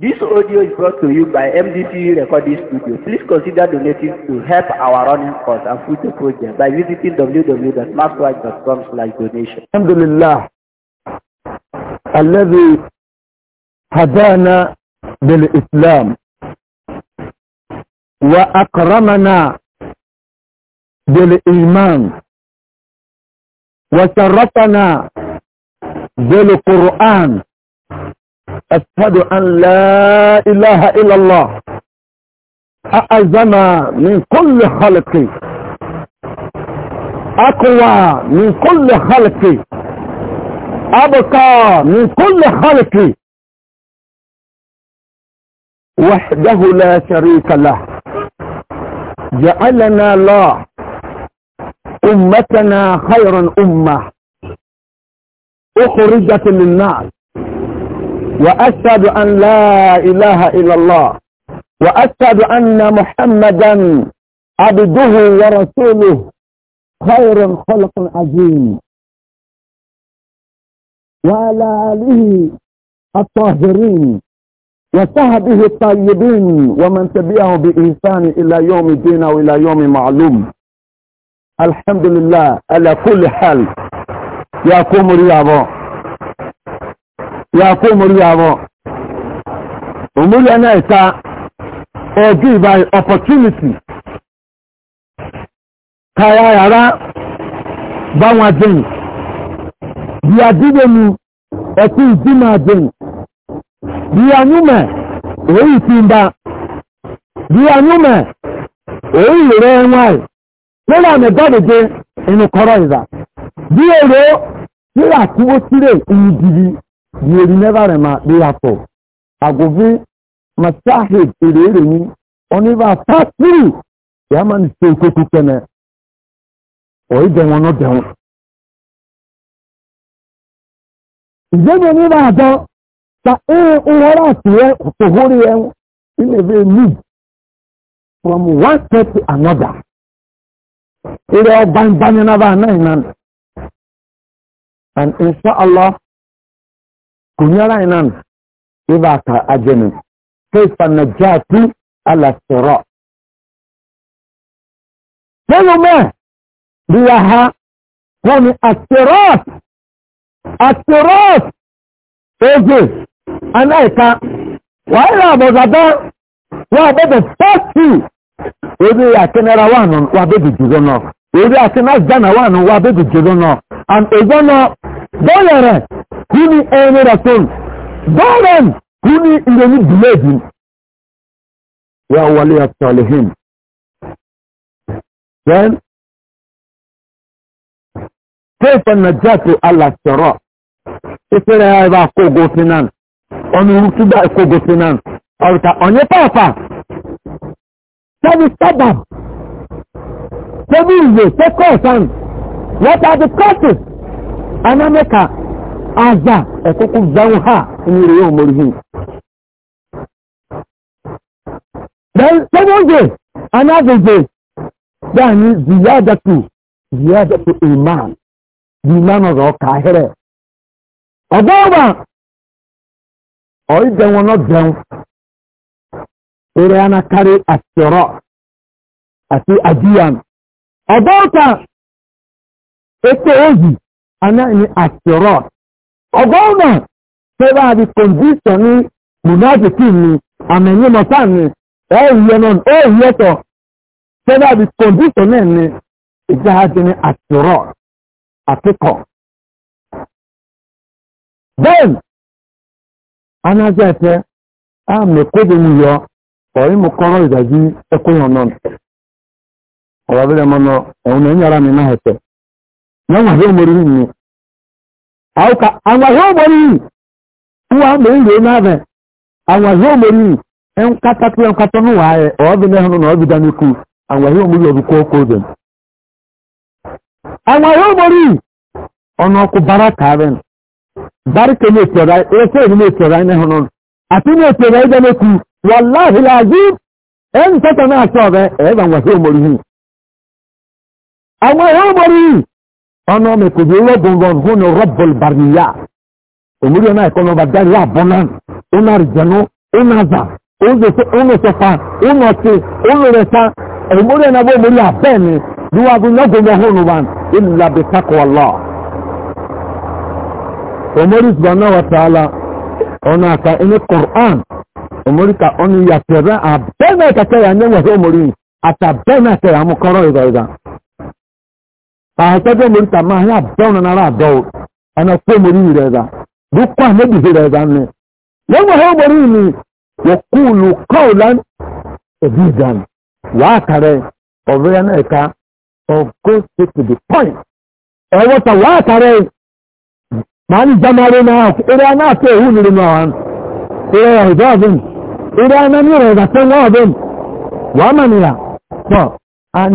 This audio is brought to you by MDC Recording Studio. Please consider donating to help our running costs and future projects by visiting www.maskwatch.com slash donation. الحمد لله الذي هدانا بالإسلام وأكرمنا بالإيمان وشرفنا بالقرآن أشهد أن لا إله إلا الله أعظم من كل خلقي أقوى من كل خلقي أبقى من كل خلقي وحده لا شريك له جعلنا الله أمتنا خير أمة أخرجت للناس وأشهد أن لا إله إلا الله وأشهد أن محمدا عبده ورسوله خير خلق عظيم وعلى آله الطاهرين وصحبه الطيبين ومن تبعه بإحسان إلى يوم الدين وإلى يوم معلوم الحمد لله على كل حال يا قوم رياضه ya kó mórí àwọ̀ òmórí ẹ̀ náà ìta ọdí ìbáyìí opportunity kára yàrá báwọn adéyìn bí adídé mu ẹ̀kú ìdímọ̀ adéyìn bí anyúmẹ̀ èyí ti ń bá bí anyúmẹ̀ èyí rẹ̀ wọ́n ẹ̀ lórí àmì gbọ́dọ̀dé inú kọ́rọ̀ bí èrò tí sílẹ̀ dìbì yeri never rema dey happen agogo masahid èrè èrè ni oniba fatiri yàmà ní ṣe kókó kẹnẹ ọ̀yí dẹ̀wọ̀n náà dẹ̀wọ̀n. ìjẹ́bi oníbà àjọ ta ee nwọ́rọ̀ àtìwẹ́ òhórí ẹ̀ ilẹ̀ bẹ́ẹ̀ move from one step to another. ìrẹ̀ ọba ń bá yẹn náà bá náà ìnáni. and inshallah kunyara inan iba ta ajini kaifa najatu ala sira tẹ́lú mẹ́ bí a ha wọ́n ni asteros asteros oge anáìka wà ní àbọ̀zàdá wà bẹ́bẹ̀ fẹ́ẹ̀tì orí àkínẹ́ra wà nù wà bẹ́bẹ̀ jùlọ náà orí àkínẹ́ra wà nù wà bẹ́bẹ̀ jùlọ náà and ìgbọ́nà bọ́ọ̀lẹ̀ rẹ̀ kuni ẹni rasul bọ́ọ̀rọ̀n kuni ìrẹ̀lú bìlẹ́ẹ̀dì ya wàlé àtàlẹ́hìn then kéèfà nàjàtò alàṣọ̀rọ̀ ìfẹ́rẹ̀ ya ibà kógo finan ọmọ ìrúkúdà kógo finan ọ̀rùta ọ̀nyẹ́ pàápàá sẹ́bi sábà sẹ́bi ìwé sẹ́kọ̀ọ̀sán what are the causes anamẹ́ka aza akụkụ zawuo ha enyere ya omulirivu bụ nsogbu oge anya bebe di anyị di ya iman di iman ọrụ ọka ahịrị ọgba ọgba ọrụ ọrụ ibe ọnọbe ụrịanakarị atịọrọ atị adị ya ọgba ọkpa eke ozi anya n'atịọrọ. ọ tẹ́lá àti kọ̀ǹdíṣọ̀ ní mùnáfíkì ni àmẹ̀yẹ mọ̀tá ni ẹ̀yẹ náà ẹ̀yẹ tọ̀ tẹ́lá àti kọ̀ǹdíṣọ̀ náà ni ìjáde ní àtìrọ̀ àtìkọ̀. bẹ́ẹ̀ni anájẹ́ ẹ̀fẹ́ àmì kóde yọ ọ̀rí mu kọ́rọ́ ìdájí náà ọ̀rọ̀ abẹ́rẹ́ mọ́nà ẹ̀hún ẹ̀yìn ara mi náà ẹ̀fẹ́ auka anwazo omori uwa mbe ire nave anwazo omori nkata na obi daniku anwazo omori obuko kozem anwazo omori ono ku baraka na barke ne tora e se ne tora ne hunu ati ne tora ida wallahi na achọ ọbịa ebe ọ̀nà ọmọ èkó yìí lọ́gùnrán hónú rọ́bùl bàríyà òmùrí ọ̀nà ẹ̀kọ́ ọmọ bàdárí àbọ̀nà ọ̀nà àrìjẹ̀nu ọ̀nà àzà ọ̀nà ìṣọ̀fà ọ̀nà ọ̀tí ọ̀nà ìrẹ̀ta òmùrí ọ̀nà bó òmùrí àbẹ́ẹ̀ni níwájú lọ́gùnrán hónú wa ìlà bìtákọ̀ ọ̀lá. òmùrí ìgbàna wà tààlà ọ̀nà àkà ẹni kọ̀ọ̀án òmùrí ka ọ̀nà ìyàtẹ̀rẹ̀ àbẹ́ẹ̀nà ìkàtẹ̀yà àtẹ́jọ́ mori tàmá ayé àbẹ́wọn abụọ àdọ́wò ẹ̀nà kó mori rẹ̀ rà dúkọ́ àmẹ́bìsí rẹ̀ rà ní. lẹ́wọ̀n ọ̀hún mori ni wọ́kùlù kọ́ọ̀lán ẹ̀bí ìdán wàá kàrẹ́ ọ̀rẹ́ yẹn náà ká of go straight to point. ta wàá kàrẹ́ màá ní jamare náà eré aná àti èwú nìyẹn náà wọn eré ọ̀dọ́ ọ̀bìn eré aná ní ìrẹ̀ ìdàtẹ́ náà ọ̀bìn wàá mà nìyà tọ́ à ń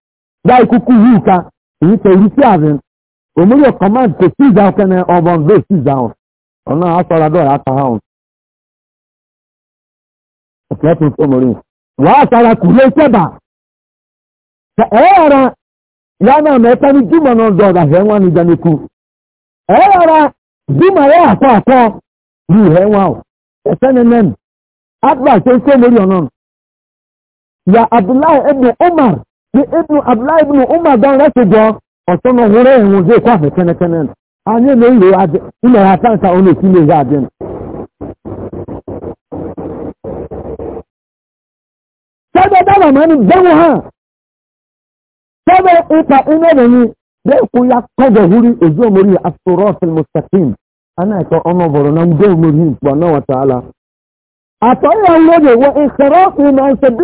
dai kuku yi ta yi ti avin omori o command ko si down kene obon ve si down ona asora do ra ta haun atleti omori wa asara kule seba ta era ya na me ta ni juma no do da henwa ni da neku era juma ya ta ato ni henwa o esenenen advice se omori onon ya abdullah ibn umar ní ibnu abdullahi ibnu umar dan rẹ́sẹ̀jọ ọ̀sán náà wọ́n rẹ̀ wọ́n dé kó àfẹ́ kẹ́nẹ́kẹ́nẹ́ nù àní èmi ń lò ó adé ilẹ̀ àtàǹtà òun èsì lè yá adé nù. sọ́dọ̀ dábà máa ní bẹ́wọ̀n hàn sọ́dọ̀ ipa iná lẹ́yìn bẹ́ẹ̀ kó ya kọ́dọ̀ wúrí ojú ọmọrí asọ́rọ́ọ̀sì mustapheem anáìkọ́ ọmọ bọ̀rọ̀ náà ń dé ọmọrí ìgbà náà wọ́n tààlà. àtọ́yà ń lọ́dọ̀ wọ ìṣẹ̀rọ̀ ìmọ̀ ìṣẹ̀bí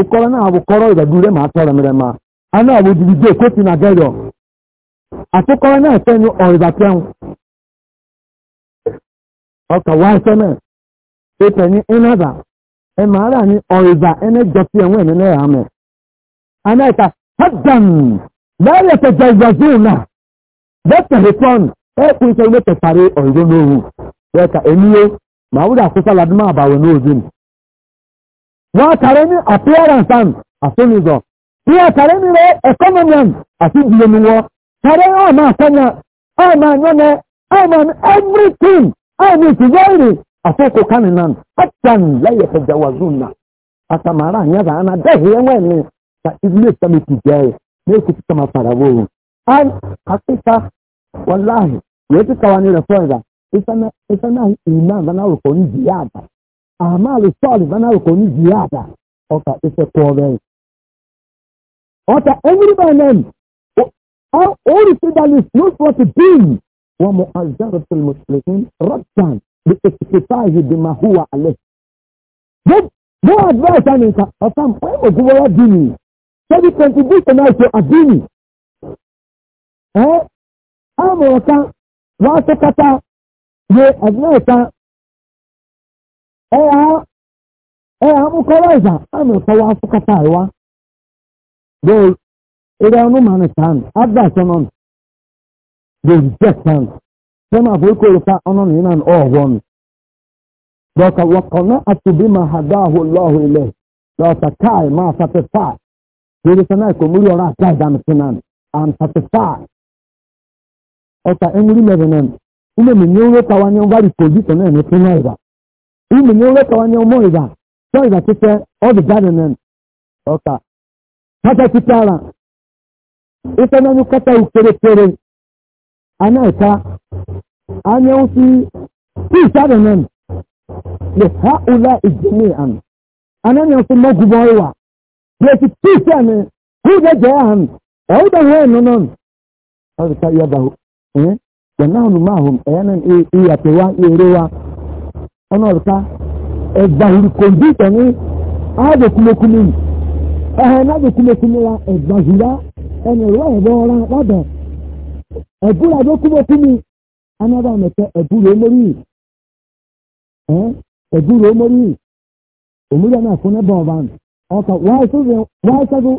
ụkọrọ na-abụkọrọ ịdagbu rema atọrọ merema anụ abụ dibide kwesị na gẹrọ atụkọrọ na-efe nụ ọka wa sẹmẹ ịpenye ịnada ịmaara anyị ọrịba ene jọsi enwe nene ya amị anaghịka hadan lẹ́yìn ẹ̀fẹ̀jọ ìgbàzú na dr hepon iṣẹ́ ilé ọ̀rọ̀ màá àkóso wọ́n àtàrẹ ní appearance and àfẹ́nìzọ̀ ní àtàrẹ ní rẹ̀ economian àti ìdíyẹniwọ́ tàrẹ ọmọ àtẹ́nà ọmọ àyọ́nẹ ọmọ everything ọmọ ìtìjọ́rì àfẹ́kọ̀ kaninan ọ̀tàn lẹ́yẹ fẹ̀jẹ̀wàzúnà àtàmàrà àyàzà àná dẹ́hìí ẹ̀wọ̀n ni ta ilé ìtàmì ti jẹ́ ẹ̀ ní èkó ti tàmà fàràwọ̀ ẹ̀ àkíkà wọláhì yóò ní rẹ̀ amali salihana ko ni ziada ọka ife kọọrẹ ọta every by name all federalists knows what to do wọn mu aljaratu muslimin ratan bi ikitifahi bi ma huwa ale mo advice ani nka ọta mpa mo gbogbo wa di ni sẹbi contribution náà ṣe adini ẹ amọ̀ọ̀ta wàá tó kata yẹ advice. ee akpụkọrọ ịza a na-akọwa afọkọta ịwa bụ na ịna ọgwọ nụ dọka wakọna atubi ma ha dahụ lọhụ ile dọka kai ma satisfy kiri sana ikomuri ọrụ na am mi nye ụlọ kawanye ngwari kodi sọ na-emetụ na ime ni olóòtú wa ni ọmọ ìgbà sọ ìgbà títẹ ọdún jáde nínú ọkà kátà títẹ ara ìfẹ náà ní kátà ìpèrèpèrè àná ìta ha ọlá ìjìnlẹ àná àná ni wọn fi mọgùbọ ìwà lè fi tí ìfẹ ni kú ìjẹ jẹ àná ọwọdà wọn ẹnu náà ọdún ká yọba ẹ yẹn náà nù máa wa ìrẹ ọ̀nà ọ̀ta ẹ̀gbà ìrìkòǹdíṣọ̀ ní àádọ́kùnmẹ́kùnmẹ́ yìí ẹ̀hẹ́ náàdọ́kùnmẹ́kùnmẹ́ la ẹ̀gbà ìrìlá ẹ̀nà ìrọ̀ ẹ̀bọ̀ ọ̀la lábẹ̀ ẹ̀búra dọ́kùnmẹ́kùnmẹ́ anábà mẹ́tẹ́ ẹ̀búra omori omori yìí fún ẹ̀bọ̀ ọ̀bá ọkà wáyé sọ́dún wáyé sọ́dún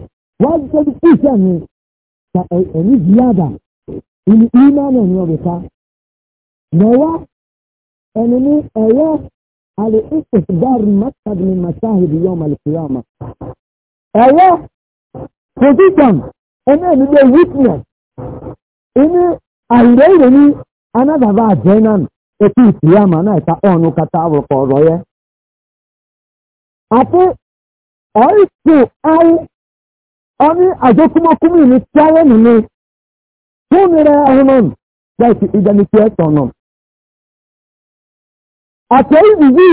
ni ziyada ìmọ̀ أنني أيام على استصدار مشهد من مشاهد يوم القيامة أيام خصوصا أنا من ويتنس إني أيريني أنا ذا جنان ètí ìtìyàmà náà ta ọ̀nù kata àwòkọ̀ ọ̀rọ̀ yẹ. àti ọ̀ìsù ayé ọ̀ní àjọkúmọ́kúmọ́ ìní tí ayé nìyí. fún mi rẹ̀ ọ̀hún náà láti ìdánilẹ́tì ẹ̀sán náà àtẹ̀yìn ìdìbí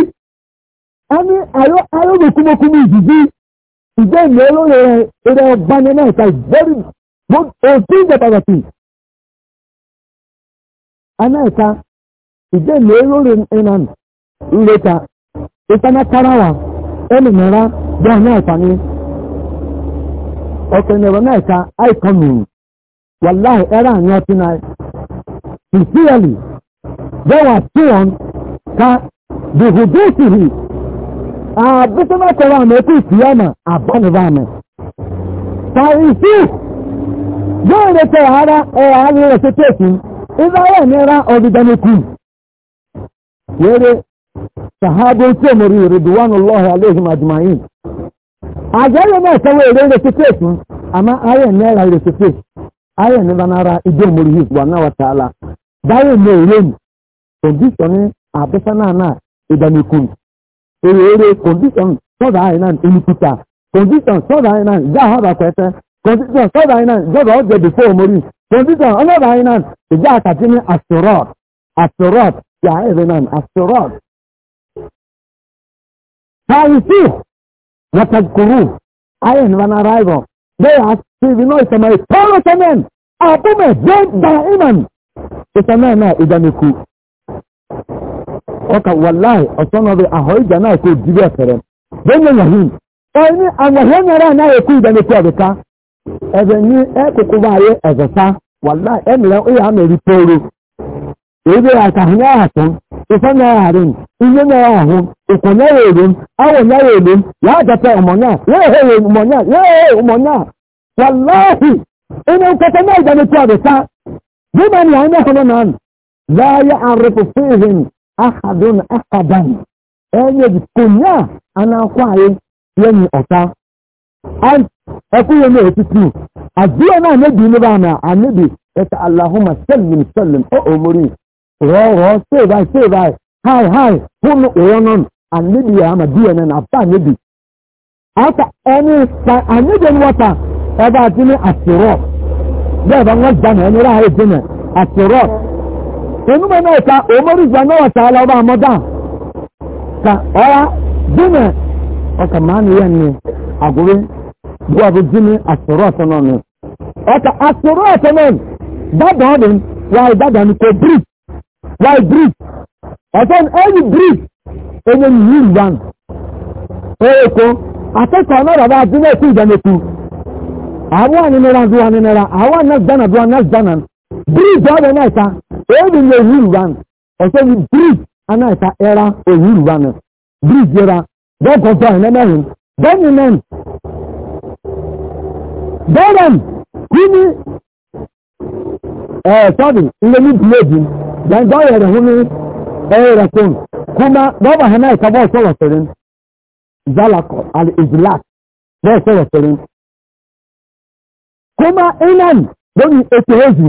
ẹni ayọ́bẹ̀ kúmọ́kúmọ́ ìdìbí ìgbẹ́ ìlú olóyè ẹ̀rọ ọ̀bánẹ́ náà ta very good òfin ìjẹ̀bàgàtì. anáìka ìgbẹ́ ìlú olóyè ẹ̀nàn ìrẹta ìtaná karawa ẹnì mìíràn bí anáìka ni ọ̀kẹ́ nẹ̀rọ náìka àìkọ́mù wàláì ẹ̀rọ àyàn ọtí náà sincerely bẹ́ẹ̀ wà tí wọn. ka bihudutihi abisana kọwa na ekwu siyama abanivani taisi yóò lè tẹ ara ẹ̀rọ arìnrìn ṣe tẹ̀sí israel nira ọ̀dìdánilẹ́kù wẹ́rẹ́ sahabo tí omori rìdíwánu lọ́hìn aléhùn àjùmáyé àjọyọ̀ na sọ́wọ́ èrè rẹ̀ ṣe tẹ̀sí àmọ́ ayẹ̀ nira rẹ̀ ṣe tẹ̀sí ayẹ̀ nira nara ìdí omori yìí wà náà wà tààlà báyìí ní èrè mi abesa na na idanikun ere ere condition sọdọ anyị na nnukwuta condition sọdọ anyị na ga ahụ bakwete condition sọdọ anyị na gọdọ ọjọ bifo omori condition ọnọdụ anyị na ga akatini asterot asterot ya ebe na asterot ha isi watakuru ayé ni wọn ara ẹgbọn bẹẹ àti iná ìsọmọ ìtọọrọ sẹmẹn àbúmẹ jẹ dàímọn ìsọmọ náà ìdánilkù ọkà wàláì ọ̀sánà rẹ̀ àhọ́ ìjà náà kò jírí ọ̀fẹ́rẹ́ bẹ́ẹ̀ ni yàhín ẹni àwọ̀hẹ́ mẹ́rẹ̀ náà èkú ìdánilẹ́kú ọ̀dẹ̀ká ẹ̀bẹ̀ ní ẹ̀kùnkùn bá yẹ ẹ̀zọ̀sá wàláì ẹ̀mìlẹ̀ ó yà á mẹ́rí pọ́ọ́rọ́ èdè àtàhùn náà àtún ìfẹ́ náà àárín ilé náà àhún ìkùn náà èlé àwọ̀ náà èlé láàjọpẹ́ ọmọ náà yóò hẹ́ ọmọ náà yóò hẹ́ ọmọ ahado na akaban enye bikonya anakwaye yenyi ọta an ekwuye na otutu adiye na anabi ne a na eta allahumma sallim sallim o omori ro ro say bye ya ma diye na na ba aka eni sa anabi ni ebe ati ni asiro bẹẹ bá wọn jà náà onúmọ̀ náà ta òmórí ìgbà náà ka ọ̀rá dínà ọkà máa ní yẹn ní àgúrí bí wàá fi dínà àsòrò ọ̀tọ̀ náà ni ọkà àsòrò ọ̀tọ̀ náà dábàá ọ̀dùn wàá dábàá anyị kò bírí wàá bírí ọ̀tọ̀ ní ẹ̀yìn bírí ẹ̀yẹ ní Obi nye Yoruba no. Ọsọ yi bridge anaghịkwa era o Yoruba no. Bridge era dọkọtọ a nene hụ. Bẹ́ẹ̀ni nẹ́ẹ̀n. Bẹ́ẹ̀rẹ̀m kú ní ẹ̀ sọ́ọ̀dì ilé ní bíléèdì. Gbẹ̀ngàn yẹ̀rẹ̀ hụ ní ẹ̀rẹ̀ fún. Kuma lọ́ba hẹ́nà ìkàbọ̀ sọ̀rọ̀ sẹ̀rẹ̀. Zalakọ àti Ìjìlák bẹ́ẹ̀ sọ̀rọ̀ sẹ̀rẹ̀. Kuma inan lórí ètò èzì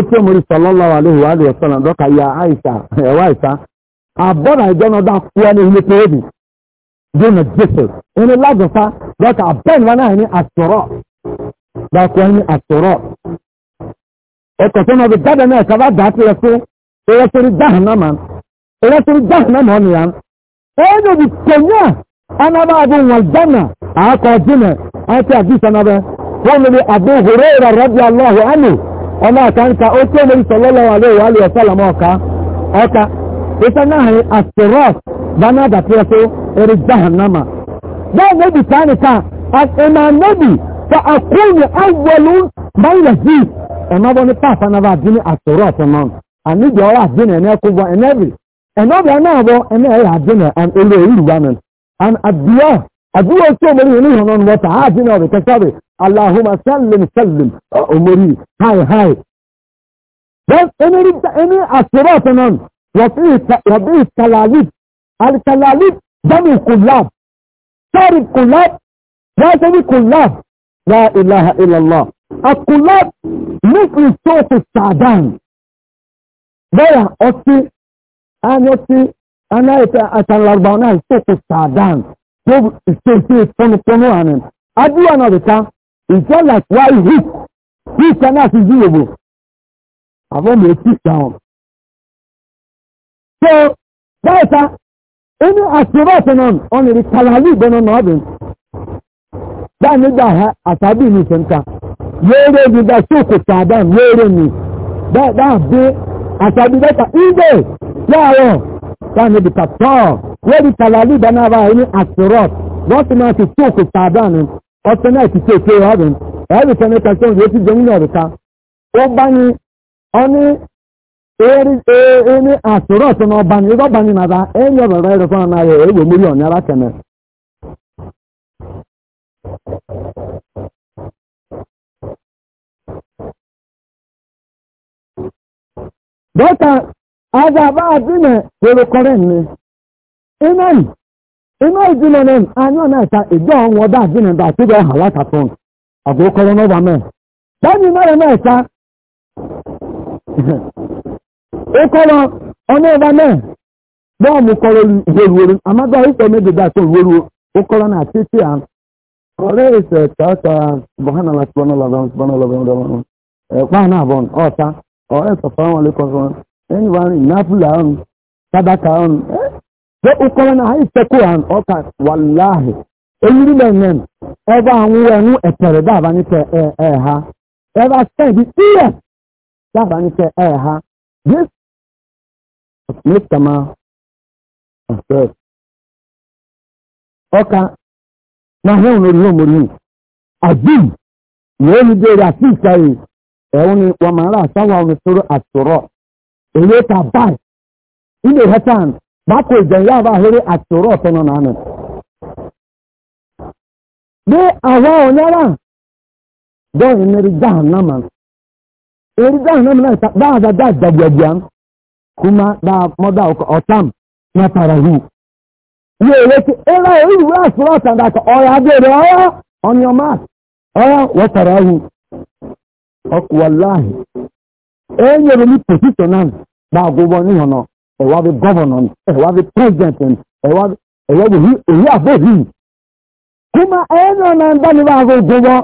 tí ó mú rí sallallahu alaihi wa alihi wa sallam dọ́ka ya àìsà ẹ̀wà àìsà àbọ̀nà ìjọ́nà dá fún ẹni ilé tó yẹ́bi jọ́nà jésù ẹni lágọ̀fà dọ́ka àbẹ́ni wọn náà ní àsọ̀rọ̀ dọ́ka ẹni àsọ̀rọ̀ ẹ̀kọ́ tó náà bí jáde náà ẹ̀ka bá dà á ti rẹ̀ fún ẹ̀rẹ́ sórí jáhànámà ẹ̀rẹ́ sórí jáhànámà ọ̀nìyàn ẹ̀yìn òbí kẹ̀yà anaba abu ọmọ ọ̀ka nka ó tí ọmọ ìsọ̀ lọ́lọ́wọ́ alẹ́ ìwà alẹ́ ọ̀sọ́ lọ́mọ ọ̀ka ọ̀ka ìsọ̀ náà hàn asirọ́ọ̀f bánà àdàpẹ́ tó eré jahannama bẹ́ẹ̀ níbi tán nìka ẹ̀nà níbi fa àkóyè awọlú báyìí sí ọ̀nà bọ́ ní pàṣẹ náà bá dín ní asirọ́ọ̀f náà àníbi ọ̀rọ̀ àdínà ẹ̀ní ẹ̀kú bọ́ ẹ̀nẹ́bì ẹ̀nẹ́bì ẹ̀nà àbọ̀ ẹ̀nà ẹ̀yà àdínà ẹ̀lẹ́ ìlú أبوه سومري إنه هم متعاجين أبي كسابي اللهم سلم سلم أمري هاي هاي بس أمري بتا إني أسرات نان وفيه وفيه تلاليب التلاليب دم كلاب تارب كلاب راتب كلاب لا إله إلا الله الكلاب مثل صوت السعدان بيا أتي أنا أتي أنا أتى أتى الأربعونات صوت السعدان tó ṣe ṣe pọnupọnu àná adúlọ náà bìtá ìjọ like why hit hit náà ti dí òbò àwọn mi ò tí sàwọn. so báyìí ta inú àṣírọ́ọ̀tì náà ọ̀nà ìrì kàlàlú ìbọn náà ọ̀bìn báyìí nígbà àtàbí mi sẹ́ńtà lóore mi bá sóòkò sàdán lóore mi báyìí bá bí àtàbí bẹ́ta ìgbè láàárọ̀. sáàmì bìtà tọ́ọ̀ wọ́n di tàlàlì ìdánáwá ẹni àtúrọ̀ wọ́n ti máa ti tó òkú tààdá ni ọtí náà ti tó òkú ọ̀rìn ẹ̀rì tẹ́ni kẹsàn yóò ti jẹun náà ó bá ní àtúrọ̀ tó náà bá ní bá ní nàdá ọ̀rọ̀ rẹ̀ rẹ̀ fún ọ̀nà dọ́kà aga ba adine were kore ni inan ina idine ne anyo na ta ijo onwo da adine da ti be ha wata ton ago kore no ba me tani mere na ta e koro ono ba me bo mu koro weru amado ife me de da ton weru o koro na ti ti an kore ise ta ta bohana la subhanallah subhanallah subhanallah e kwa na bon o ta o e ẹni wà rìn náfùlà ọ̀run sádàkà ọ̀run ṣé ee! náà àyè sẹ́kù ọ̀hún ọ̀kà wàláhì eyiri mẹ́rin ẹ̀bá àwọn ẹ̀hún ẹ̀tẹ̀rẹ̀ dáàbá ní tẹ ẹ̀ ha ẹ̀bá sẹ́ẹ̀dì tíyẹ̀ dáàbá ní ha this is kama ọ̀sẹ̀ ọ̀kà náà hẹ́wọ̀n lórí ọmọdé onye ka ban ile hetan bako idan ya ba hore a tsoro ọtọnọ na anọ bí àwọn ọ̀nyára bọ́ọ̀lù na rí jahannama kuma da na tarahu yóò lè ti ẹlá ìwé àsúrọ̀ tàǹdà kọ ọ̀rọ̀ abẹ́rẹ́ ọ̀rọ̀ ọ̀nyọ́má ọ̀rọ̀ ọkụ enyere ni position ahụ na-agụgbọ n'ihe nọ ewa bụ gọvanọ ewa bụ prezident ewa bụ oyi e e abụghị kuma enyo na ndani ba agụ gụgbọ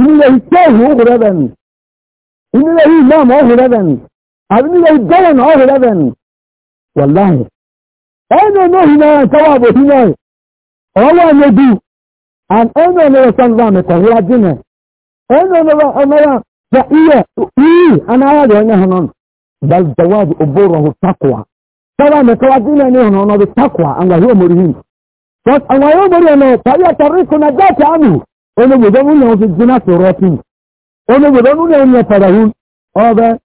inile ike ewu ọhụrụ ebe nị inile ihe imam ọhụrụ ebe nị abụ inile gọvanọ ọhụrụ ebe nị wallahi enyo na ohi na nkewa bụ ohi na ọwa onye du and enyo na ọsọ nva mekọhụla jine enyo na ọmara da iya yi ana ya da wannan hanon bal jawabu uburahu taqwa sawa ne kawa dina ne hono bi taqwa an ga yo murihi to an ga yo murihi ne ta ya tariku na zati anu ono bu damu ne su jina surati ono bu damu ne ne tarahun oba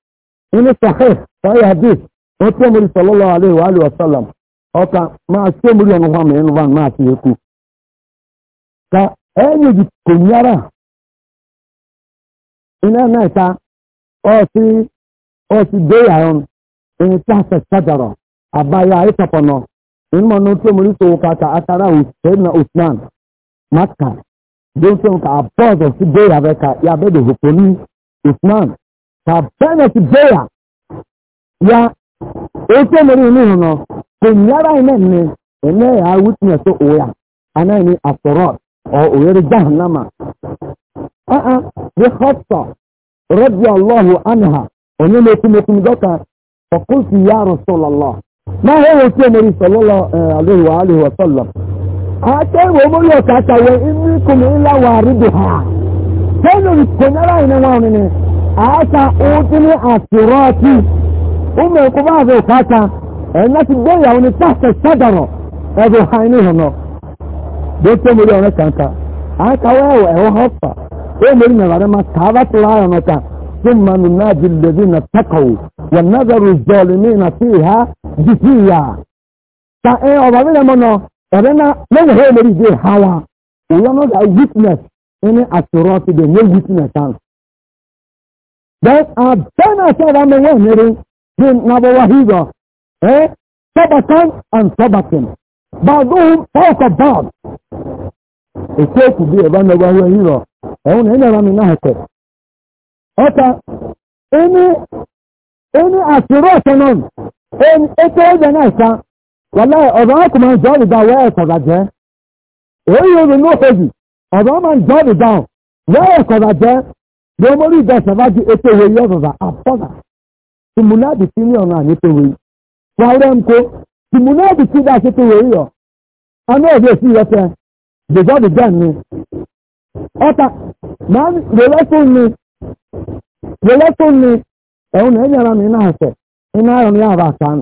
ina sahih sahih hadith o ti muri sallallahu alaihi wa alihi wasallam o ta ma se muri ono fa me no van ma se ku ka enye di kunyara iná náà ta ọtí ọtí gbéyà ọ̀n ẹni tí a fẹ́ sájàrọ̀ àbáyá ìtọ̀pọ̀nà ìmọ̀ ní tí mo rí kàkà usman maka jẹ́nsẹ̀ nǹkan àbọ̀dọ̀ sí gbéyà rẹ̀ ká yà ya dòwò pé ní usman kà bẹ́ẹ̀ sí gbéyà ya ètò ìmọ̀rí inú ìhùnà kò ní ara iná ní ẹ̀mẹ́ àwùjọ tó òyà anáyẹ̀ni àtọ̀rọ̀ ọ̀ òyẹ̀rẹ̀ jáhùn náà a'a bi hafsa radiyallahu anha onye na-ekwu mekwu dọka fakulti ya rasulallah na ha ewe ti omori sallallahu alaihi wa alihi wa sallam a ta ewe omori ọka ka wee imi kuma ila wa ribu ha tẹnu konyara ina nwaani ni a ta otini asirati ụmụ ekwuba azụ ụkata ti gbé ní ومن نغرما صحابة الله متى ثم من ناجي الذين اتقوا والنذر الظالمين فيها جثيا فإن أبابنا منه أبنا من هو مريد هوا ويانا ذا witness إن أسرات دي no witness عن بس أبنا سيدا من وهنري دين نبو وحيدا إيه سبتان عن سبتان بعضهم فوق بعض ekweku bi ebe anọgwa ahụ ehiro ẹwọn na enyere anụ n'ahịkọ ọta eni eni asịrị ọtọnọ nọ eke na-esa wala ọba akụma nje ọdịda wee kọda eyi e obi n'okozi ọba ama nje ọdịda wee dị omori ide ọsaba ji ọzọza afọza bèbá bèbá ni ọta máa ń wọlé nri mi wọlé fún e mi na e náà ẹ̀yàrá mi náà fẹ̀ iná ẹ̀rọ aka ahụ kan.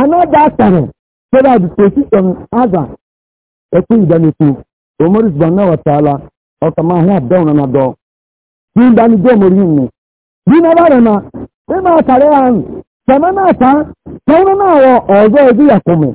anáda sẹ̀rẹ̀ sọ́dọ̀ àdìpọ̀ sí ẹ̀hún àgbà ẹ̀kú ìdánilẹ́kù òmòrì ṣùgbọ́n náà wọ̀tàlá ọ̀tà máa hún bí ń dání bí iná bá rẹ̀ máa àrùn sẹ̀mẹ́ náà sẹ́wọ́n náà wọ ọ̀ọ́dọ́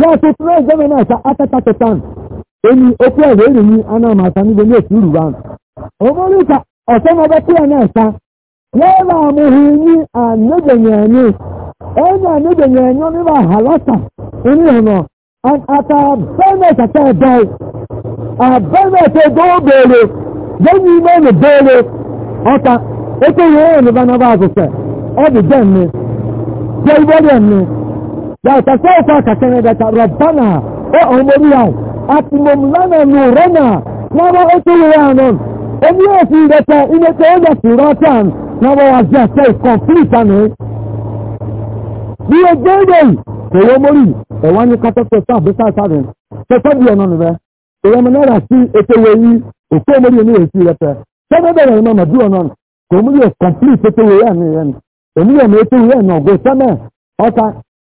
Bọ́ọ̀ tó tún náà gómìnà ẹ̀ka Akẹ́ta Tẹ̀tàn. Èmi okú ẹ̀rọ èrè ní Aná Màtá níbo ní èsì ìrù wa. Òmùrìkà ọ̀sán ọba kúrẹ̀ náà ẹ̀ka. Lẹ́ẹ̀rọ àmúhu ní ànẹ́gbẹ̀yẹ̀ni. Ẹ̀yìn ànẹ́gbẹ̀yẹ̀ni ó níbà hàlọ́sà inú ọ̀nà. Àtàbẹ́mẹ̀ kàtà ẹ̀dá ẹ̀. Àbẹ́mẹ̀ tó dóó béèrè. Lẹ́yìn imẹ́ ni béèrè. Ọ̀tà, ètò ìwé ẹ̀ وتسوف كسندة ربنا وعمريا أتمم لنا نورنا نرى أتوانا أن يأتي لك إن تهدى صراطا نرى وجه سيف كونفليتا bí ẹgbẹ́ èdè kòwó mórí ẹ̀wọ́n ní kọ́tọ́tọ́ sáà bí sáà sáà rẹ̀ tẹ́tọ́ bí ẹ̀nà rẹ̀ kòwó mọ́ náírà sí ètòwò yìí òkú mórí ẹ̀mí èsì rẹ̀ tẹ́ tẹ́tọ́ bẹ̀rẹ̀ ẹ̀nà màdú ọ̀nà kòwó mórí ẹ̀ kọ̀m̀plìt ètòwò yẹn ni ẹ̀mí ẹ̀mí ètòwò yẹn ni ọ̀gọ̀ sẹ́mẹ̀ ọ̀ta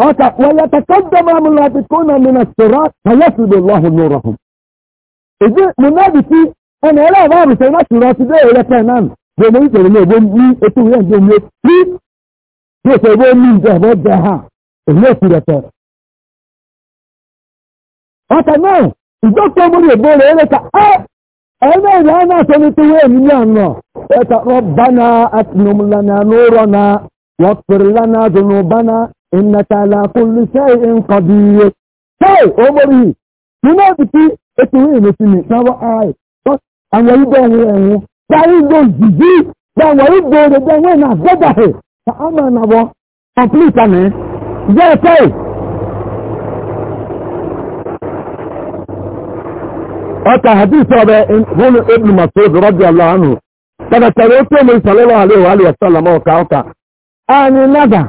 أتى ويتقدم المنافقون من الصراط فيسلب الله نورهم إذا منافقي أنا لا أعرف سينا الصراط ده إلى كنان جمعي جمعي جمعي أتوه جمعي تريد يسوي من جهة جهة إلى صراط أتى نعم إذا كمري يقول إليك أه أنا لا أنا سنتوه من يانا أتى ربنا أتنم لنا نورنا واغفر لنا ذنوبنا innaka ala kulli shay'in qadir hey o mori ni na ti ti e ti wi mi ni na wa ai so àwọn ibo wọn ehun da ri go jiji da wa ri go de de wọn na goda he ta ama na bo complete ame je pe ọta hadith ọbẹ hun ibn masud radiyallahu anhu tẹ̀lé ó pè mí sallallahu alaihi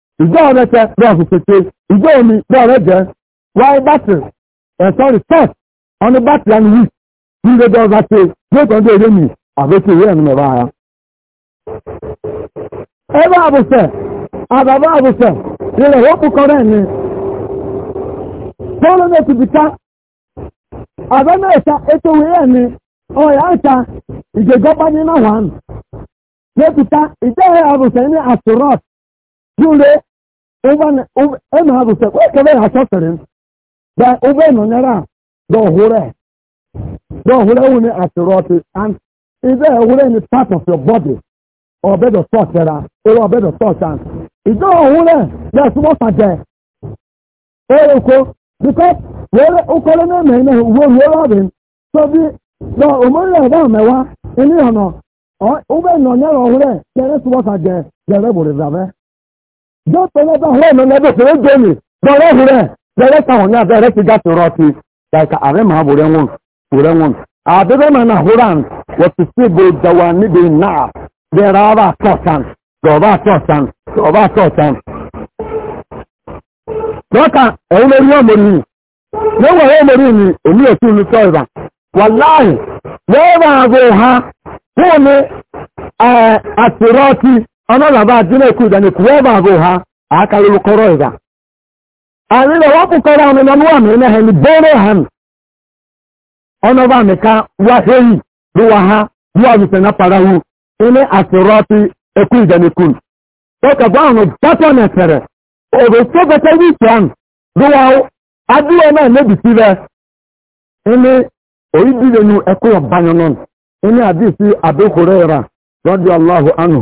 ìjọ ọ̀rẹ́ tẹ bọ́ọ̀sì tètè ìjọ omi bọ́ọ̀rẹ́ jẹ wáyé bátì ẹ̀sọ́rì tẹ́t ọ̀nà bátì àni wí ní ilé dọ́ọ̀sà tẹ yóò tọ́jú èrè mi àbẹ́tì ìwé ẹ̀nu àbùsẹ̀ àbàbà àbùsẹ̀ ilẹ̀ kọ́rẹ́ ni náà ti bìtá ètò ìwé ẹ̀ ni ebe ha gụsịrị ekele ha chọsịrị da ụba nọnyere a dọhụrụ dọhụrụ ewu ni atụrụ ọtụ and ịdọ ehụrụ ni part of your body ọbẹdọ tọọchara ere ọbẹdọ tọọcha ịdọ ọhụrụ na esugbo sajẹ ere ukwo because were ụkọrọ na-eme ihe uwe ruo rọbin so bi na omori ebe a mewa ịnị ọnọ ụgbọ ịnọnyere ọhụrụ na esugbo sajẹ jere gburu zabe dọ́tọ̀ lọ́dọ̀ àwọn ọmọ ẹgbẹ́ òṣèré jẹ́mi bọ̀rọ̀ ìrẹ́ bẹ̀rẹ̀ táwọn ní abẹ́rẹ́ ti já tòrọ ti dàkà ààrẹ máa bòrẹ́ wọn bòrẹ́ wọn. àbẹ̀rẹ̀ máa na horan wọ́tí sí ibo ìjàwá níbi náà bẹ̀rẹ̀ ara àtọ̀tàn dọ̀ọ̀bá àtọ̀tàn dọ̀ọ̀bá àtọ̀tàn. dọ́kà ẹ̀yin lórí ọmọrin lọ́wọ́ ẹ̀yin ọmọrin ni èmi ò tún lùtọ́ ìbà wàláì lọ́wọ́ àgọ́ ha ọnọdụ adị na-ekwuda na-ekwu ebe agụ ha akarịrị kọrọ ịga e anyị na-ewepụkọrọ anyị na nwa ha ni bere ha ọnọdụ amịka waheyi ha rụwa rute na parahu ịnị e asịrọtị ekwuda na-ekwu dọka e gwa ahụ oge sọgọta ihe ike ahụ rụwa adịghị na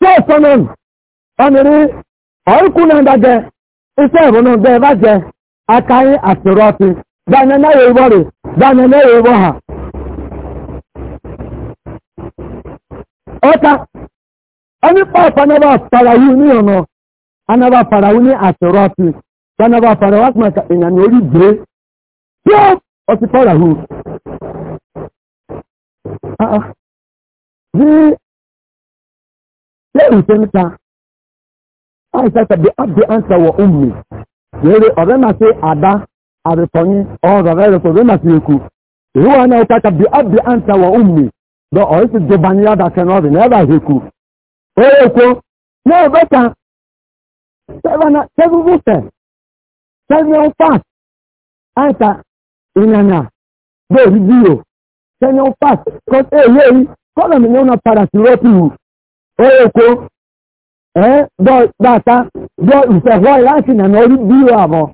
sọ́ọ̀sọ́nàn ọmọrin ọ̀rùnkúnlẹ̀ndàjẹ́ iṣẹ́ ìrònà bẹ́ẹ̀ bá jẹ́ akáyí àtìrọ́ọ̀tì gbanẹ́lẹ́yẹ ìwọ́ rẹ̀ gbanẹ́lẹ́yẹ ha ọta onípa ọ̀pánẹ́bà farahu ní ọ̀nà anábà farahu ní àtìrọ́ọ̀tì gbanẹ́bà farahu àpàkà èèyàn lẹ́yìn tó ń ta àìsàn tàbí àbí àǹsà wọ ọmọ wẹ́rẹ́ ọ̀rẹ́ náà ṣe àdá àrẹ̀tọ̀yìn ọ̀rọ̀ rẹ̀rẹ̀tọ̀ ọ̀rẹ́ náà ṣe èkó èyí wọn náà ta tàbí àbí àǹsà wọ ọmọ lọ ọ̀rẹ́ ti jọba ní yàrá kẹ́ náà rẹ̀ ní yàrá èkó ẹ̀rẹ́ èkó lẹ́yìn bẹ́ẹ̀ ta seven rúfẹ̀ seven fat àìsà ìyànà bẹ́ẹ̀ rí bíyò seven fat eh, kọ́ oko bọ́ọ̀ta bọ́ ìfẹ̀wọ́ láti ìyànà orí bílò àmọ́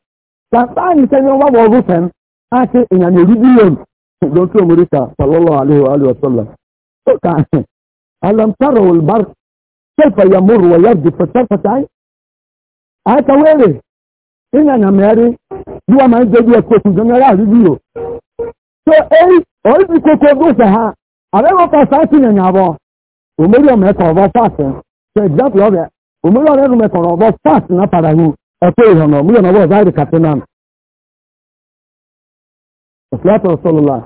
sàtàní sẹ́ni wọ́n wọ́n ọdún fẹ́m láti ìyànà orí bílò ló tí omi ríta sọlọ́lọ́ aléwọ̀sọ́lá tó ká alamtaro olùbár sẹ́fà yamuru wọ̀ yàrá dìfọ̀ sẹ́fàtàì àtàwẹ́rẹ̀ ìyànà mẹ́rin bí wọ́n máa ń jẹ́jú ẹ̀kọ́ tó gbẹ́ngẹ́ láàrin bílò tó èyí ọ̀rí omeri ọmọ ẹkọ ọba fast ṣe ẹgbẹ́ ọbẹ omeri ọrẹ ẹnu ẹkọ ọba fast náà para yín ẹkọ ìrànà omeri ọmọ ọba ẹrì kàtí náà ọ̀sùlátọ̀ ọ̀sọ̀lọ̀lá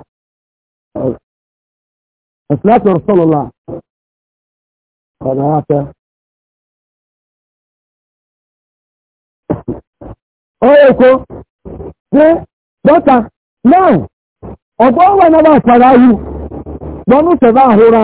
ọ̀sùlátọ̀ ọ̀sọ̀lọ̀lá ọ̀rọ̀ afẹ́. ọ èkó ṣe dọ́ta náà ọ̀gbọ́n wà náà bá para yìí gbọ́nú tẹ̀lé àhúra.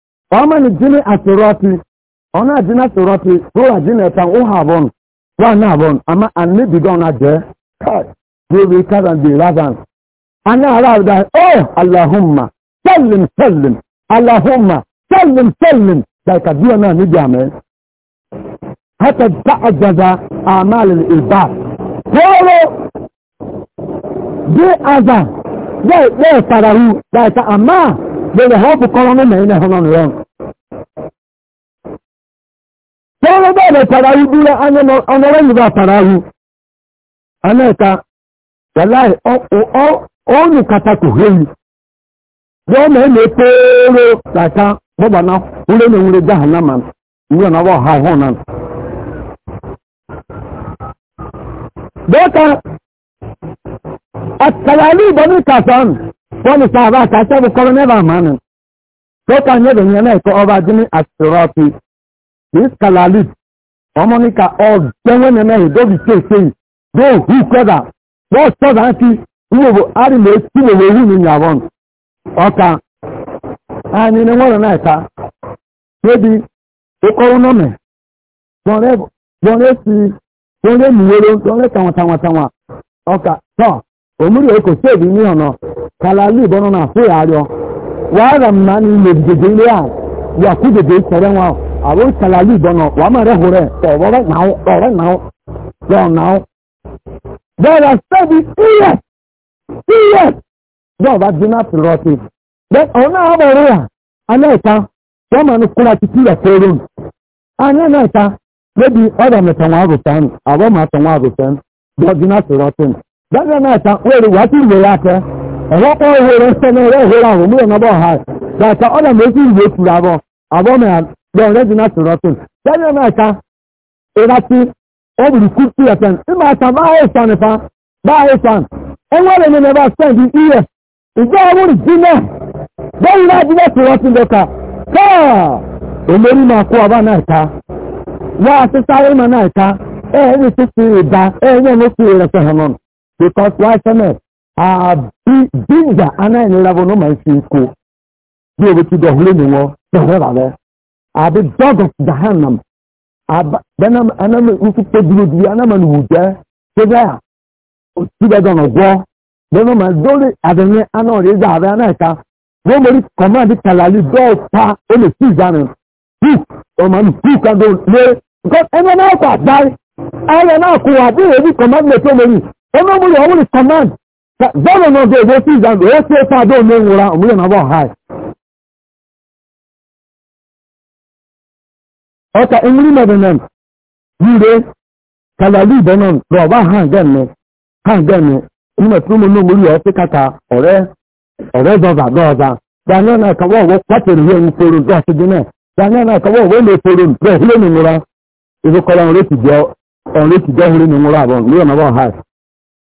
ọmọ ni jini asorati ọna jini asorati rora jini ẹta ụha abọn wọn abọn ama anibiga ọna jẹ kai jiri kazan di razan anya ara da oh allahumma sallim sallim allahumma sallim sallim da ka biyo na ni jami hata ta'ajjaza amal al-ibad koro bi azan da ya farahu da ta amma Bẹ̀rẹ̀ hàn bù kọ́rọ́ ní mẹ́rin ẹ̀hún ọ̀nà rẹ̀. Tọ́lọ́ bẹ̀rẹ̀ tàràwù dúró ọ̀nọ́rẹ́ yìí bá tàràwù. Amẹ́ta, wàláì ọ̀nù katakò hẹ́yì. Wọ́n mẹ́rin ní ha wọ́n sá àbá àtàtẹ́bù kọ́rọ́ nẹ́bà mánu tó ká nẹ́bà yẹn náà kọ́ ọba dín ní àṣírọ́ọ̀tì ní skalalit ọmọ níka ọ̀gbẹ́wọ́n nẹ́mẹ́ yìí dóbi kéèké yìí dóò hù kọ́dà wọ́n sọ́dà ń fi ìwòwò àrìlẹ̀ tí wòwò wù ní yàwọ́n ọ̀ka àní ni wọ́n náà ká débi okòwò nọ́mẹ̀ bọ̀nrẹ́ bọ̀nrẹ́ sí bọ̀nrẹ́ mìíràn bọ̀nrẹ́ tàwọn tàwọn tàwọn ọ̀ka tán. omuri eko sebi ni ono kalali bono na fi ario wa ra ile ya ku jeje sere wa awo kalali bono wa ma re hore to wa na o to re na o yo na o there are sebi yes yes do ba dina ona a ya anaita e wa ma ni kula ti ti ya anya na e ta awo ma tanwa do dina bẹ́ẹ̀ na ta nwere wá sí ya yàtọ̀ ẹ̀wọ́ kọ́ owó rẹ̀ sẹ́nẹ̀ ẹ̀rọ ìwé àwọn olóyè náà bọ̀ ha dàtà ọ̀nà méjì ìwé tura bọ̀ àbọ̀ na lọ́n rẹ́jì náà sọ̀rọ̀ tó bẹ́ẹ̀ náà ta ìrà tí ó bùrù kú sí ẹ̀fẹ̀ ìmọ̀ àtà báyé sàn nípa báyé sàn di iyẹ̀ ìjọ àwọn ìjìnlẹ̀ bẹ́ẹ̀ náà jìnlẹ̀ ka tó dọ̀ka káà olórí ta because why sẹ́mẹ̀ àbí bíńgà anáìnira wọn ló máa ń fi kó bí ewu ti dọ̀húrẹ́ ni wọ́n dọ̀húrẹ́ rà rẹ̀ àbí dọ́gọ̀ jahannam anamọ nfi pé dúró dúró anamọ ni wù jẹ́ ṣẹ́gbẹ́ à síbẹ̀ dọ̀nà gbọ́ lọ́nà máa dórí àdéhùn anáà rẹ̀ ẹ̀dá àbẹ́ anáìka wọ́n mọ̀ ní kọ̀máàdì kàlàlí dọ́ọ̀ta ó lè sí ìdáná book ọmọ mi book and lé ẹgbẹ́ náà kọ̀ àgbáyé ẹgbẹ́ náà kọ̀ àbúrò ní kọ̀máàdì tó mọ̀ yìí onye ọmụrụ ọmụrụ command zọrọ n'ọdụ ebe otu ịza otu ada ome nwụra ọmụrụ na bọọ haị ọka enwuri mẹdẹnẹm yire kalali ìbẹnọm rọba hangẹnẹ hangẹnẹ onímọ̀ tí mo ní omori ọtí kàkà ọ̀rẹ́ ọ̀rẹ́ dọ́gba dọ́gba daniel ti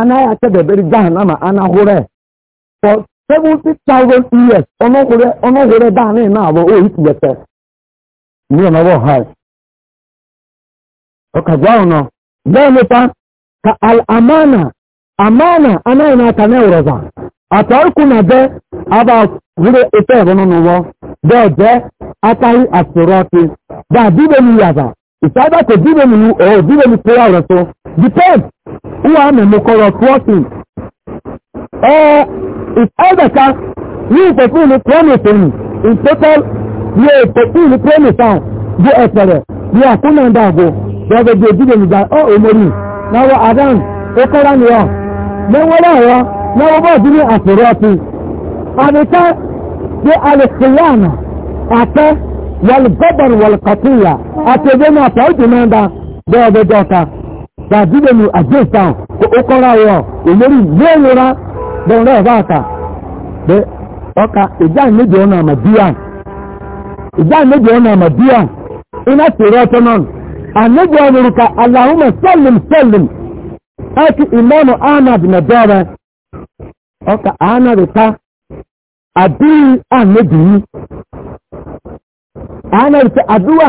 anaghị achadebere jahanama anahụrụ for seventy thousand years ọnụhụrụ ọnụhụrụ ebe a na abụ ha emepa ka al'amana amana anaghị aba hụrụ ebe nọ n'ụwọ bee je ataghị asụrụ ọtị da dibenu yaba ịsa ka dibenu o The pen who are memokoro crossing. Uh, if Eldeka yóò fulfill promise ni in total yóò fulfill promise am bí ẹ̀sẹ̀rẹ̀ bí àkúnnàdà àbò lọ́gbẹ̀ bí ojúde nìgbà ọ́ òmòrì náwó adam ó kọ́ra ni ọ́ lẹ́wọ́lá ọ̀rọ̀ náwó bọ́ọ̀dù ní àṣírí ọtí àbíká bí alẹ́sìlẹ́ànà àtẹ́ wọlgọ́bọ̀n wọlkọ̀tíyà àti ẹgbẹ́ náà àtàwùjù náà dá bẹ́ẹ̀ ọgbẹ́jọ́ ọ̀ta dàbílẹ̀nù àjẹ́sàn ó kọ́ra ẹ̀ òmórí lóòrora lọ́rọ̀ ẹ̀fà àkà pé ọkà ìjà méjì ọ̀nà àmàdíyà ìjà méjì ọ̀nà àmàdíyà iná tèrè ọ̀tọ́ náà ka ala sẹ́lìm sẹ́lìm ẹ̀kì ìmọ̀nù ahmad nàbẹ́rẹ̀ ọkà ọka àdúrà àmẹ́jì yìí àánàrìta àdúrà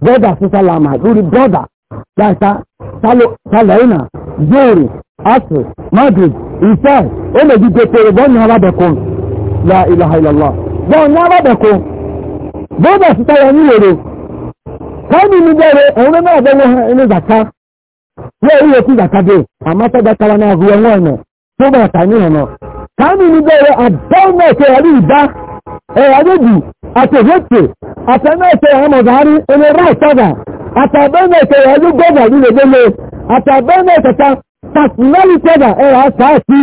brother sí salama lórí brother láìka salẹ́nà zoro asre madrid ìfẹ́ ó lè di gbèsèrè bọ́ọ̀ ní alábẹ̀kùn la ilaha illallah bọ́ọ̀ ní alábẹ̀kùn brother sí salama ní èrè mi bẹ̀rẹ̀ òun náà bẹ̀rẹ̀ ní zaka wọ́n rí èkú dé kára náà ẹ̀nà tó mi ẹ̀yàwójì àtẹ̀fẹ́tẹ̀ àtẹ̀mẹ́ẹ̀tẹ̀ ẹ̀hẹ́mọ̀ buhari ẹni ráìtọ́gà àtàbẹ́ẹ̀mẹ́ẹ̀tẹ̀ ẹ̀yàwó gọ́ọ̀nà nílẹ̀gbẹ́lẹ̀ àtàbẹ́ẹ̀mẹ́ẹ̀tẹ̀ta pàtìlẹ́lìtọ́gà ẹ̀yà sáàtì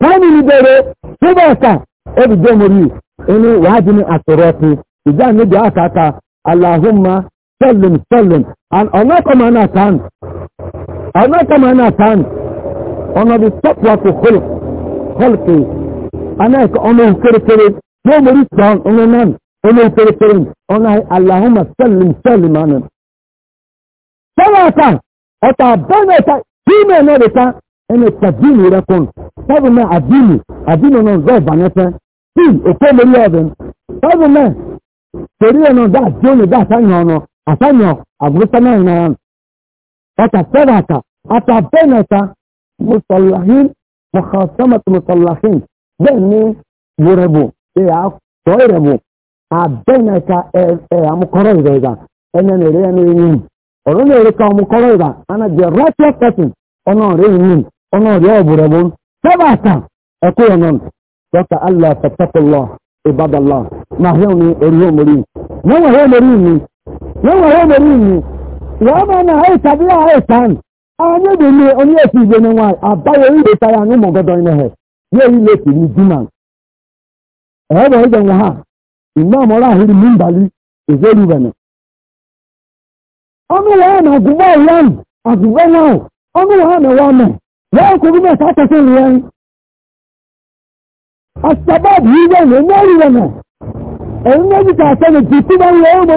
táìmìlì bẹ̀rẹ̀ síbẹ̀ẹ̀sà ẹ̀bìjẹ́mọ̀rí ẹni wàájú ní àtọ̀rọ̀tì ìjà níbi àkàkà aláhùnmá sẹ́lùm sẹ́lùm ọ̀nà kọ̀mọ̀ náà tán tó mori tán ọmọ náà ọmọ ìpèrèpèrè ọ̀nà àlàhùnmá sẹ́lì sẹ́lì máa nù. sọ́wọ́ ọ̀tá ọ̀tá bọ́ọ̀nù ọ̀tá tíìmù ẹ̀ náà lè ta ẹni ta jíìmù rẹ kún sábà náà àjíìmù àjíìmù náà zọ́ọ̀ bà yẹn fẹ́ tíìm òkú mori ọ̀bẹ sábà náà torí ẹ̀ náà dáa jóni dáa sáyàn ọ̀nà àsáyàn àbúrúsá náà náà ọ̀tá sọ́wọ́ ọ̀tá ọ̀tá ya tọọrọ bụ abena ka e, e, amụkọrọ ịga ịga enye na-ere ya na-enye m ọrụ na-ere ka ọmụkọrọ ịga ana dị righteous person ọnụ ọrụ enye m ọnụ ọrụ ọbụrụ bụ sabata ẹkụ ya nọ dọkta allah fatakullah ibadallah na ahịa onye eri omeri na nwere omeri mi na nwere omeri mi wee ọ ma na ha tabi ya ha tan anyị dị onye esi igwe na nwaanyị abaghị ihe ya anyị mọgọdọ ihe ya eyi na-esi n'idu ẹ̀họ́ bọ̀ ẹ̀jẹ̀ wọn ha ìlú àmọ́ra ahụ mímbàlí ìzẹ́lú bẹ̀nẹ̀. ọnú wọn àná na ìyàn àgùnbọ̀ náà ọnú wọn àná wọn mọ̀ wọ́n kò rí mẹ́ta tẹ̀sẹ̀ ìyẹn. àṣàbàbù yìí wẹ̀ ní ẹ̀rí bẹ̀nẹ̀ ẹ̀rí méjì kà sẹ́ni tìtúbà ń ya ya ụwa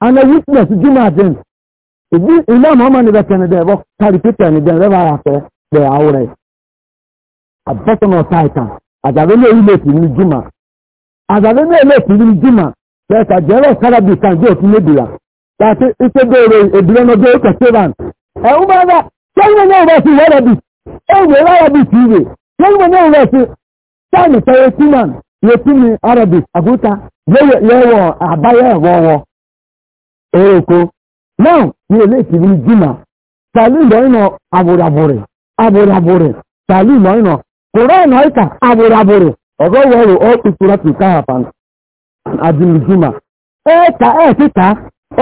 and the witness juma dem ebi ilé àwọn ọmọ níbẹ̀ tẹ̀lé dẹ̀ bọ́ kárí pípẹ́ ní dẹ̀ rẹ́bà àfẹ́ pẹ̀ àwòrẹ́ àbọ̀tọ̀nà táìtà àjàdé lè ilé ètò ní juma àjàdé lè ilé ètò ní juma bẹ́ẹ̀ta jẹ́rọ̀ sárábì kan jẹ́ òtún lébìlà láti iṣẹ́ bẹ̀rẹ̀ èdúró náà bẹ́ẹ̀ kẹ̀ sẹ́wàn. ẹ̀hún bá bá sẹ́yìn náà rẹ̀ sí wẹ́rẹ̀bì ẹ̀wẹ̀ arábì sí ìwé sẹ́yìn náà rẹ̀ sí sáàmì tẹ̀yẹ tíman yẹtí ni arábì àbúta yẹ̀wọ̀ àbáyẹ̀ ẹ̀wọ̀ wọn. oroko now ní ilé ìsìnkú jimá sàlù ịnọ àbòràbòrè àbòràbòrè sàlù lọ́yìnà koran ọ̀ìkà àbòràbòrè ọ̀gọ́ wọ̀rọ̀ ọ́ ìtura ti káyàpá àdìmú jimá ẹ̀ẹ́ta ẹ̀ẹ́tìta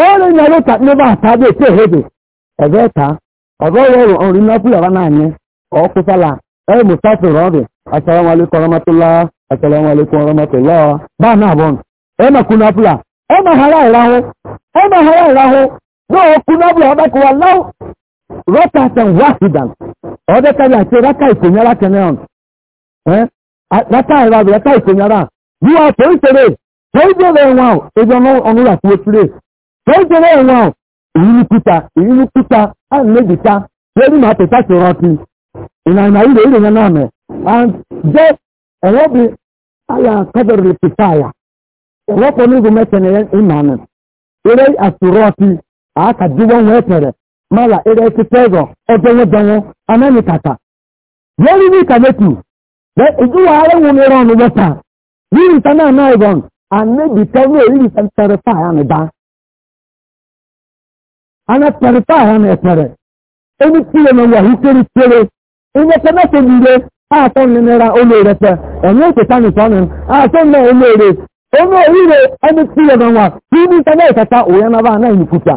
ọ̀rẹ́ ìyàwó ta níbà tàbí ètò ìhébè ẹ̀gẹ́ ẹ̀ta ọ̀gọ́ wọ̀rọ̀ ọ̀rìn asalamualeykum asalamualeykum ọmọ na ìrahun ọmọ hara ìrahun náà ó kú lábúlé ọbẹ̀kú wa láwù rọ́tà àtàn wáṣídàn ọdẹ kárí àti rákà ìsènyára kẹnẹrán rákà ìrahun rákà ìsènyára yíwá tòǹtẹ̀rẹ̀ èyí kúta èyí kúta á ta wọ́pọ̀ ní ìgbìmọ̀ ẹ̀tẹ̀ nìyẹn ìmọ̀ọ́nù eré àsùrọ̀ọ̀tì àákàdúgbò wọn ẹ̀tẹ̀rẹ̀ mọ́là eré ti pẹ́ẹ̀rọ̀ ọjọ́wọ́dọ́wọ́ anáyìnkàtà lórí ní ìkàmẹ́tù ìdúwà ààrẹ wọn mìíràn ọ̀nù wọ́ta náà náà ìbọn èyí tẹ̀rẹ̀ ní bá tẹ̀rẹ̀ ní ẹ̀tẹ̀rẹ̀ ẹni tí kéré kéré nílé àtọ́ onye ohire ẹnití yẹ̀dọ̀ wà tí ní sẹ́lẹ̀ ìkẹta òye náà bá náà yìí kúta.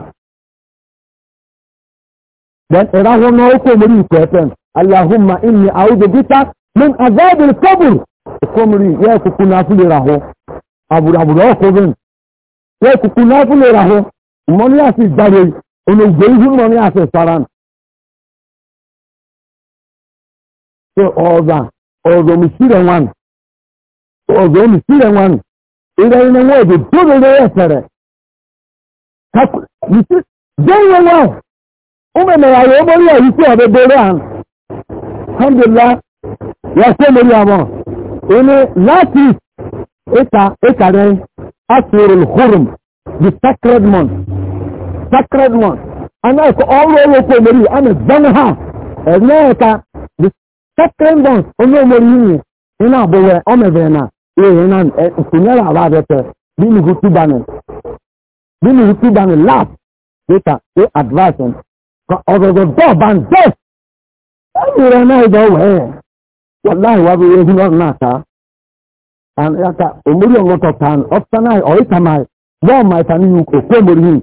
Then ẹ̀rọ àwọn náà Allahumma inni min azabil kọ́bùr. Ìkọ́ ya yẹ na náà fún lera hó. Àbùrọ̀ àbùrọ̀ ya bẹ́ẹ̀. na kúkú náà fún asi dare Mọ́ni àti ihu idan nan wai da dole ne ya tsara haku yisi dan yan wa umma na yayi umma ya yisi a dole an alhamdulillah ya ce mu ya ba ene lati ita ita ne asirul hurum the sacred month sacred month ana ko awro wo ko mari ana zanha ene ta the sacred month ono mari ni ina bowe o mevena èèyàn náà ìpínlẹ̀ àbá àbẹ̀tẹ̀ nínú ìrútú bani nínú ìrútú bani lap data ṣe advice ọ̀gọ̀gọ̀ dọ̀ ban def ẹ̀yìn rẹ̀ náà ìjọ wẹ̀ ẹ̀ wàláhì wà bí ebi lọ́rùn náà ká àyàkà òmùrí ọ̀gọ̀tọ̀ kan ọ̀pọ̀ náà ọ̀yíkà máa wọ́n máa ta ní òkú òmùrí yìí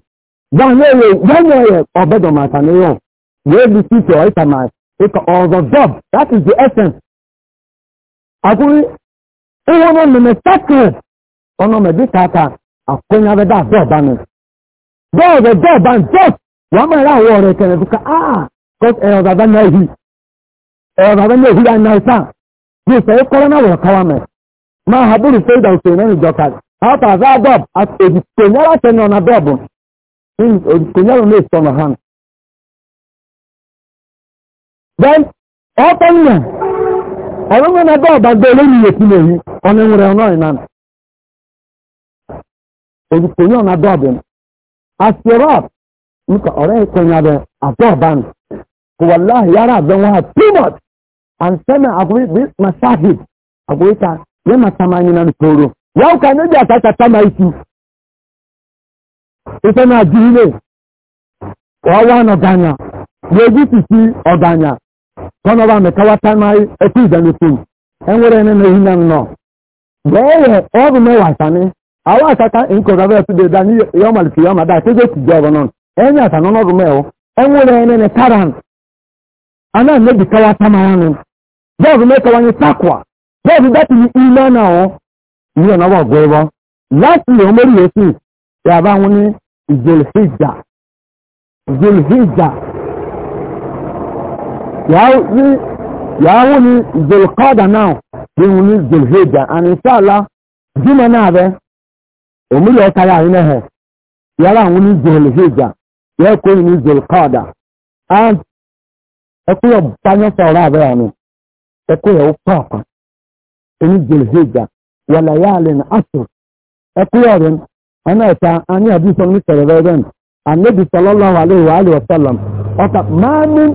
wọ́n yẹ wọ́n yẹ ọ̀bẹ̀dọ̀ máa ta ní yọ̀ wọ́n bí títì ọ̀yíkà máa ọ̀gọ̀ dọ̀ that is the essence ìwọ ni mímí sẹ́kù ọ̀nà mẹ̀bí tààtà àkóyán abẹ́ dá àbẹ́ ọ̀bá mi. bẹ́ẹ̀ bẹ́ẹ̀ bẹ́ẹ̀ bá ń jẹ́ wọ́n máa ráwọ̀ ọ̀rẹ́ kẹrẹ̀ fún ká áà kọ́s ẹ̀rọ bàbá náà yìí ẹ̀rọ bàbá náà yìí àná ìta yìí sẹ́yìn kọ́rọ́ náà wọ̀rọ̀ káwá mẹ́. máa ha búrú sẹ́yìn dàrú sẹ́yìn ọrụ nwere ebe ọbago olórí yekwu n'eyi onye nwere ọnụ ọyị nanị ozugbo onye ọna dọọbụ asirọp nka ọrịa ekwenyere adọọban kụwallahi yara azọnwa ha too much and sena agwai masahid agwai ka ya mata ma anyị na ntoro ya ụka na ebi atata tama isi ife na ajụ ile ọwa nọganya na-egwutusi ọganya kọ́nà bá mẹ́kawata náà enwere ìdánilẹ́kù ẹnwẹ́rẹ́ nọ. bẹ́ẹ̀ ọ́bù mẹ́wàá àtàní àwọn àtàkà nkọ̀ọ̀dà a fìdí dání ya kì yọmọ dá kéde kù jẹ́ ọ̀bọ̀ náà ẹ̀yìn àtàní ọ̀nà taran kawata ma ní. bẹ́ẹ̀bù takwa yàáwó ni zolkada náà bíhun ní zolheja and inshallah jimẹ náà bẹ òmùlẹ ọtara àyínà hẹ yàrá àwọn ní zolheja yẹ kó ní zolkada and ẹkú yẹ bányẹ sọrọ àbẹ ọnu ẹkú yẹ ó pàpà ní zolheja wàlàyàlẹ ní asùn ẹkú yẹ ọdún ẹnna ẹta ní maa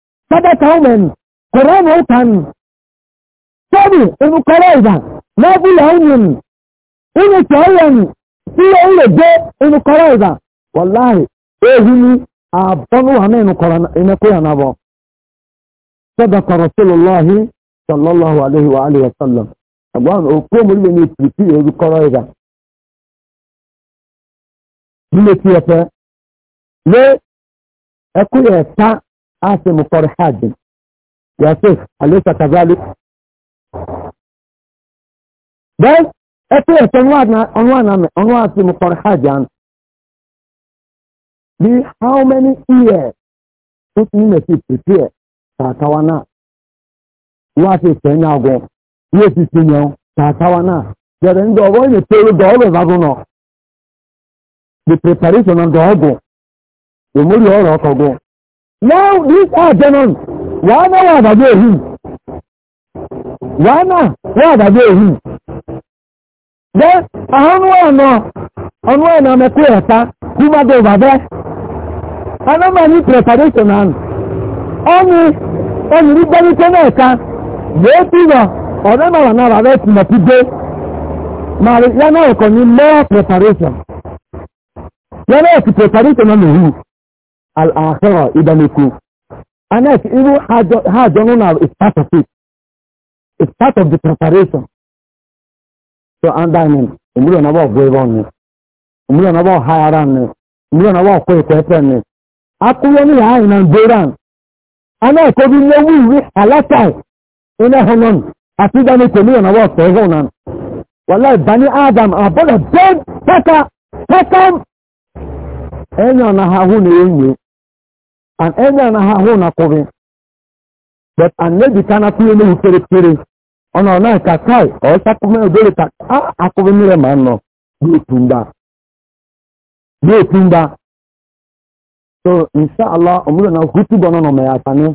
Tọ́bẹ̀ kan wẹ̀ nù, kòrónà ó ta nù. Sọ́ọ̀bù ìmúkọrọ̀ ìdà lọ́bùlà ọ̀nà nù. Inú tí ó yẹ nù tí ó lè gbé ìmúkọrọ̀ ìdà wọ̀láì èyí ni àbọ̀nùwà náà ìmúkọrọ̀ ìmẹ́kọ̀yà náà bọ̀. Sọ́dọ̀ kọ̀rọ̀ sílò lọ́hí sọ̀lọ́lọ́hù aléhi wa aléhi wa sọ̀lọ̀. Àgbọ̀n òkú òmùlé ni ìtìtì ìmúkọrọ̀ ìdà. Nílé tí ẹ fẹ́, lé ẹkú yẹ ta عاصم قر حاجم يا شيخ أليس كذلك بس أتيت عنوان عنوان عنوان عاصم قر حاجم be how many years tó ti nílẹ̀ sí prepare tààtàwa náà wá sí ìsẹ̀yìn àgọ́ yóò ti ti yàn tààtàwa náà jẹ̀rẹ̀ ní ọ̀rọ̀ yìí pé ó dọ̀ọ́rọ̀ ìbágun náà the preparation of the ọgùn òmùrí ọ̀rọ̀ ọkọ̀gùn Now these are Why are they wà Why èyí. Why are they èyí. Then I I know àwọn ọ̀nà ọ̀nà ọ̀nà mẹ́kú ẹ̀ta kú má dé bàbẹ́. Anọ́mà ní preparation and ọ̀nì ọ̀nìrí don't know ká yóò tí lọ ọ̀nà náà náà bàbẹ́ tí mọ̀ ti dé. Màrí yánà ẹ̀kọ́ ní more preparation. Yánà ẹ̀kì preparation náà lè rí. al-akhirah ibaniku. And that's even how Jonah is part of it. is part of the preparation. So and that means, umri on about grave on me. Umri on about higher on me. Umri on about kwe kwe kwe me. Akuyo ni hai na mberan. Ana eko bi nye wi wi halakai. Ina as Asida ni kwe on about kwe honan. Adam Enyo and ɛnyɛ na ha ho na kobe but anabi kana kúrò ní ìpèrèpèrè ọ̀nà ọ̀nà ìkàkàì ọ̀ọ́sá kúmẹ́ òbèrè ta á akóbe nílẹ̀ máa ń nọ bí òtún bá bí òtún bá so insha allah ọmọdé náà hútú bọ́ náà mẹ́yà ni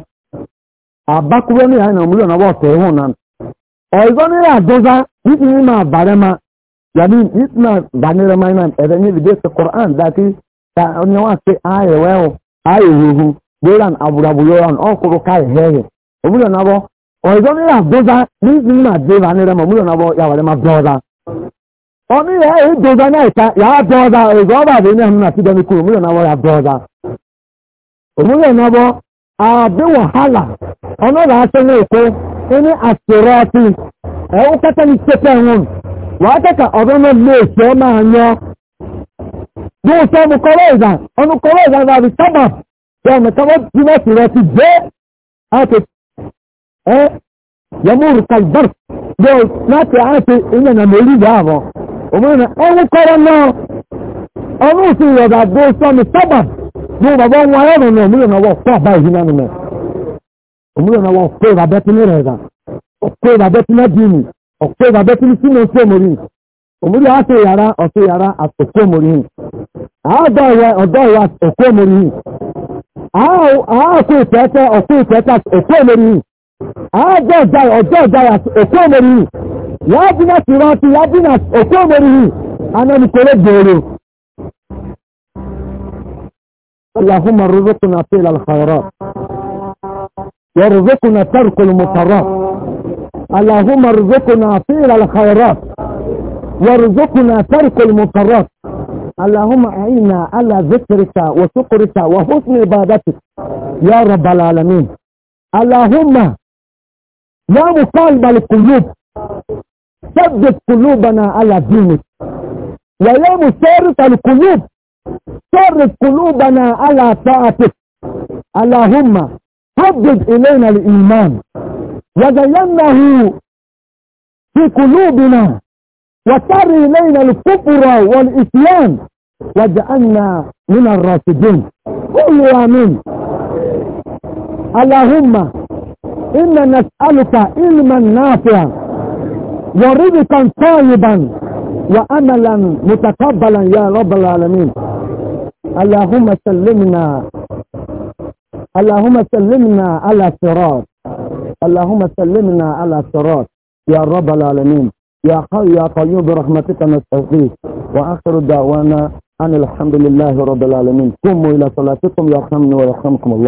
àbákúrò ní ìhàn ọmọdé náà wọ́n tẹ̀ ẹ̀hún náà ọ̀ìgbọ́n ní àjọza nítorí ní máa bàrẹ́ ma yàrá nítorí máa bàrẹ́ ma náà ẹ̀rẹ́ ní ìdí ẹ̀sẹ̀ kọ̀ọ̀án dàtí ta ọ̀nyẹ́wà sí ayẹ̀wẹ́ e, o. ha gbéra àbúrabúrọ́ra ọkùnrin káyẹ̀ hẹ́yẹ̀ òmúlò náà bọ́ ọ̀dọ́ ní àgbóza ní ìsinmi àdéhà ní rẹmọ òmúlò náà bọ́ yàwó rẹ máa dọ́ọ̀dá ọmọ ilẹ̀ èyí dọ́ọ̀dá náà ìta ọba bụ náà nínú àtijọ́ ní kúrò òmúlò náà bọ́ yà dọ́ọ̀dá òmúlò náà bọ́ àbẹ̀wò hàlà ọ̀nà ọ̀là aṣọ ní èkó ẹni àṣẹrọ ọtí ẹ̀wọ́ kẹ́kẹ́ ní ṣẹ́pẹ̀ wọn wàá bí wọ́n sọ ọmọ kọ́rọ́ ìdá ọmọ kọ́rọ́ ìdá náà bí sábà bí ọmọ ìta wọ́n bí wọ́n ti rẹ̀ àti ẹ yẹmúrù kalbar bí wọ́n láti àti ilẹ̀ nà mọ̀ olùdó àbọ̀ ọmọ náà ọmọ òsì ìrọ̀dà sọ ọmọ sábà bí bàbá wọn àbá náà nìyẹn ní àádáwà ọ̀dáwà ọ̀kú omori àákú ìtẹ́ẹ́tẹ́ ọ̀kú ìtẹ́ẹ́tẹ́ ọ̀kú omori àádọ́ọ̀dá ọ̀dọ́ọ̀dáwà ọ̀kú omori yáàbínà ti rántí yáàbínà ọ̀kú omori anẹ́nikọ́lẹ́ gbòòrò اللهم رزقنا فعل الخيرات وارزقنا ترك المطرات اللهم ارزقنا فعل الخيرات وارزقنا ترك المطرات اللهم أعنا على ذكرك وشكرك وحسن عبادتك يا رب العالمين اللهم يا مقلب القلوب ثبت قلوبنا على دينك ويا مسارط القلوب صرف قلوبنا على طاعتك اللهم حبب إلينا الإيمان وزينه في قلوبنا وصار إلينا الكفر والإسلام واجعلنا من الراشدين كل آمين اللهم إنا نسألك علما نافعا ورزقا طيبا وأملا متقبلا يا رب العالمين اللهم سلمنا اللهم سلمنا على صراط اللهم سلمنا على صراط يا رب العالمين يا قوي يا قيوم برحمتك نستغيث وآخر دعوانا أن الحمد لله رب العالمين قوموا إلى صلاتكم يرحمني ويرحمكم الله